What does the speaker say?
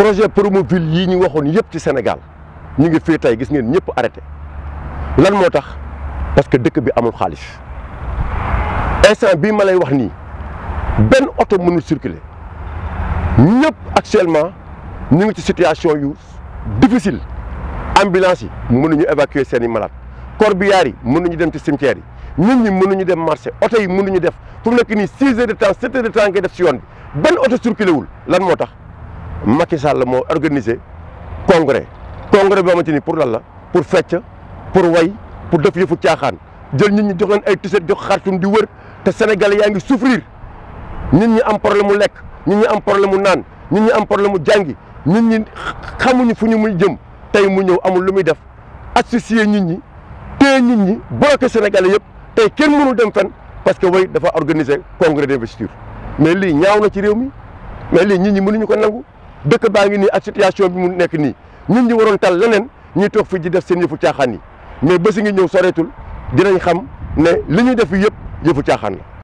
projet Promoville yi ñu waxoon yëpp ci Sénégal ñu ngi fii tey gis ngeen ñëpp arrêté lan moo tax parce que dëkk bi amul xaalis instant bii malay wax nii benn oto mënul circuler ñëpp actuellement ñu ngi ci situation yu difficile ambulance yi mënuñu évacuer seen i malade corbillard yi mënuñu dem ci cimetière yi nit ñi mënuñu dem marché oto yi mënuñu def fu mu nekk nii six heures de temps sept heures de temps def si yoon bi benn oto circulé wul lan moo tax Macky Sall moo organisé congrès congrès boo xamante ni pour lan la pour fecc pour way pour def yëfu caaxaan jël nit ñi jox leen ay tiset jox xartum di wër te sénégalais yaa ngi souffrir nit ñi am problème mu lekk nit ñi am problème mu naan nit ñi am problème mu jàngi nit ñi xamuñu fu ñu mu jëm tey mu ñëw amul lu muy def associé nit ñi téye nit ñi bloqué sénégalais yëpp tey kenn mënul dem fen parce que way dafa organiser congrès d'investiture mais lii ñaaw na ci réew mi mais nit ñi mënuñu ko nangu dëkk baa ngi nii ak bi mu nekk nii ñun ñi waroon tal leneen ñuy toog fii di def seen yëfu caaxaan yi mais bési ngi ñëw soreetul dinañ xam ne li ñuy def yëpp yëfu caaxaan la.